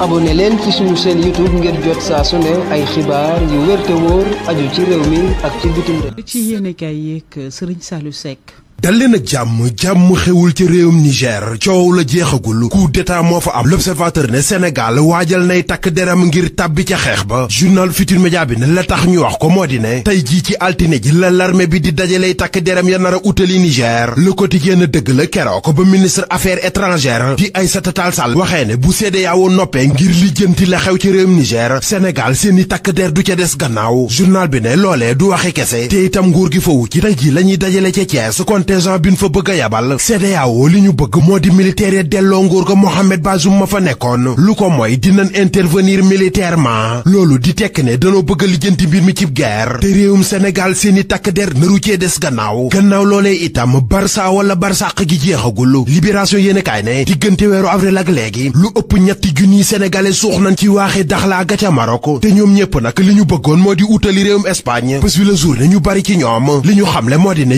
abonné leen ci suñu chaîne YouTube ngir jot saa su ay xibaar yu wér te wóor aju ci réew mi ak ci bitim réew. ci yéenekaay yeeg Serigne saalu Seck. dalleen ak jàmm jàmm xewul ci réewum Niger coow la jeexagul coup d'état moo fa am l'observateur ne Sénégal waajal nay takk deram ngir tàbbi ca xeex ba journal Futur Média bi ne la tax ñu wax ko moo di ne tey jii ci altine ji la l'armée bi di dajaley takk deram ya nar a utali Niger le quotidien dëgg la keroog ba ministre affaires étrangères di Aïssata Tall Sall waxee ne bu CEDEAO noppee ngir lijjanti la xew ci réewum Niger Sénégal seeni takk der du ca des gannaaw journal bi ne loolee du waxe kese itam nguur gi fawu ci tey ji lañuy dajale ca dirigeant bi ñu fa bëgg a yabal CEDEAO li ñu bëgg moo di militaire delloo nguur ga Mohamed Bazoum ma fa nekkoon lu ko mooy dinañ intervenir militairement loolu di tekk ne danoo bëgg a lijjanti mbir mi cib guerre te réewum Sénégal seeni takk der naru cee des gannaaw gannaaw loolee itam Barça wala Barsàq gi jeexagul libération yéen kaay ne diggante weeru avril ak gi lu ëpp ñetti junniy sénégalais suux nañ ci waaxi Daxla ga ca Maroc te ñoom ñëpp nag li ñu bëggoon moo di utali réewum Espagne bés bi ñu bari ci ñoom moo di ne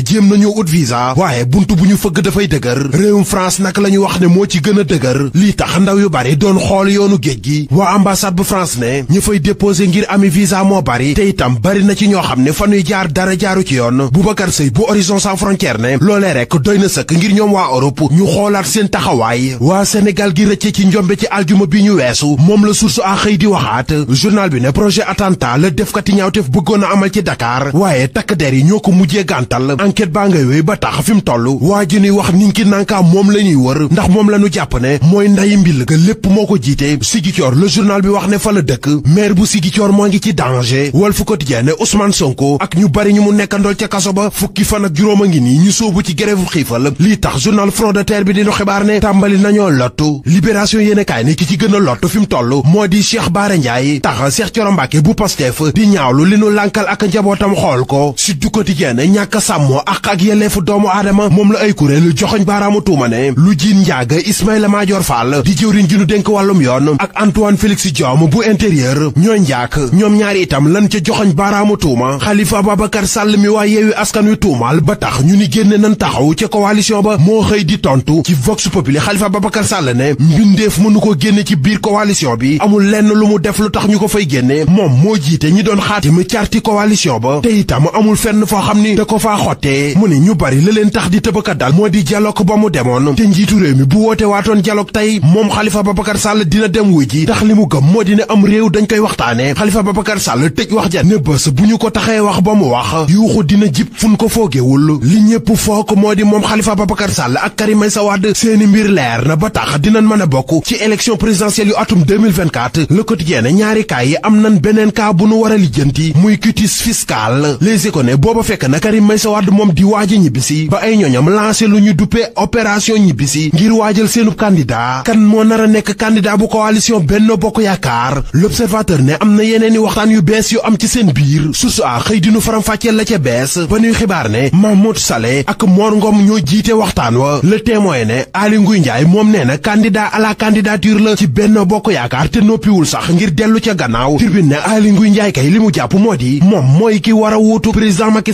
jaaf waaye bunt bu ñu fëgg dafay dëgër réewum France nag la ñu wax ne moo ci gën a dëgër lii tax ndaw yu bare doon xool yoonu géej gi waa ambassade bu France ne ñi fay déposé ngir ami visa moo bari te tam bari na ci ñoo xam ne fa ñuy jaar dara jaaru ci yoon Boubacar Seye bu Horizon Sans Frontières ne loole rek doy na sëkk ngir ñoom waa Europe ñu xoolaat seen taxawaay waa Sénégal gi rëcce ci njombe ci aljuma bi ñu weesu moom la source a xëy di waxaat journal bi ne projet attentat la defkati ñaawteef bëggoon a amal ci Dakar waaye takk yi ñoo ko ndax fi mu toll waa ji ni wax ninki nankaa moom la ñuy wër ndax moom la ñu fa mu nekkandool ca ba fukki fan ak juróom a ngi nii ñu sóobu ci grève xiifal lii tax journal Front de Terre bi dinu xibaar ne tàmbali fi mu toll moo di Cheikh Bara Ndiaye tax Cheikh Thioro Mbacké bu Pastef di ñaawlu li nu lànkal ak njabootam xool ko Sud Quotidien ñàkk a sàmmoo ak ak yelleefu doom doomu aadama moom la ay kuréel joxoñ baaraamu tuuma ne lu jiin njaaga Ismaïla Madior Fall di jëwriñ ji ñu dénk wàllum yoon ak Antoine Félix Diome bu intérieur ñooy njaak ñoom ñaari itam lan ca joxoñ baaraamu tuuma Khalifa Ababacar Sall mi waa yeewi askan wi tuumaal ba tax ñu ni génne nan taxaw ca coalition ba moo xëy di tontu ci Vox Populi Khalifa Ababacar Sall ne mbindeef mënu ko génne ci biir coalition bi amul lenn lu mu def lu tax ñu ko fay génne moom moo jiite ñi doon xaatim carti coalition ba te itam amul fenn foo la leen tax di tëbakat daal moo di dialogue ba mu demoon te njiitu réew mi bu woote waatoon dialogue tey moom Khalifa Babacar Sall dina dem wuy ji tax li mu gëm moo di ne am réew dañ koy waxtaane Khalifa Babacar Sall tëj wax ja ne bés bu ñu ko taxee wax ba mu wax yuuxu dina jib fun ko foogewul li ñépp fook moo di moom xalifa ba Babacar Sall ak Karim Meïssa Wade seeni mbir leer na ba tax dina mën a bokk ci élection présidentielle yu atum 2024 le quotidien ñaari cas yi am nañ beneen cas war a lijjanti muy quitus fiscal les économies booba fekk na Karim moom di waaji ñibbisi yi ba ay ñoñam lancé lu ñu duppee opération ñibbisi ngir waajal seenub candidat kan moo nar a nekk candidat bu coalition Benno Bokk Yaakaar l'observateur ne am na yeneen yeneeni waxtaan yu bees yu am ci seen biir susu a xëy dinu faram fàccee la ca bees ba ñuy xibaar ne Mahmoud Saleh ak Mor ngoom ñoo jiite waxtaan wa le témoin ne Aly Ngouille njaay moom nee na candidat à la candidature la ci Benno Bokk Yaakaar te noppiwul sax ngir dellu ca gannaaw tribune ne li mu jàpp moo di moom ki war a wuutu président Macky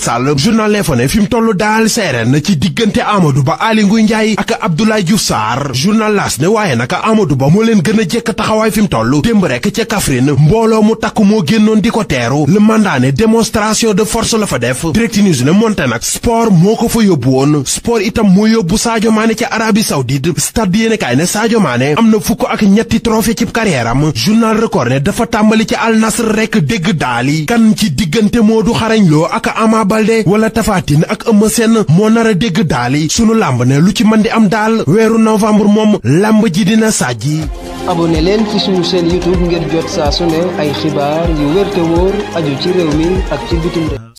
fi mu toll leneen ci diggante Amadou Ba Aly Ngouille Ndiaye ak Abdoulaye Diouf Sarr journal a la fa def Direct News ne monte nag sport moo ko fa yóbbu woon sport itam moo yóbbu Sadio Mané ca Arabie Saoudite stade yéenekaay ne Sadio Mané am na fukk ak ñetti trophée ci carrière am journal Record ne dafa tàmbali ci Al rek dégg daali kan ci diggante Modou Xarañ Lo ak Ama Baldé wala Tapha ak Eumeu Sène moo nar a dégg daal yi sunu làmb ne lu ci mën di am daal weeru novembre moom làmb ji dina sajji abonné leen ci sunu chaîne YouTube ngir jot saa su ne ay xibaar yu wér te aju ci réew mi ak ci bitim réew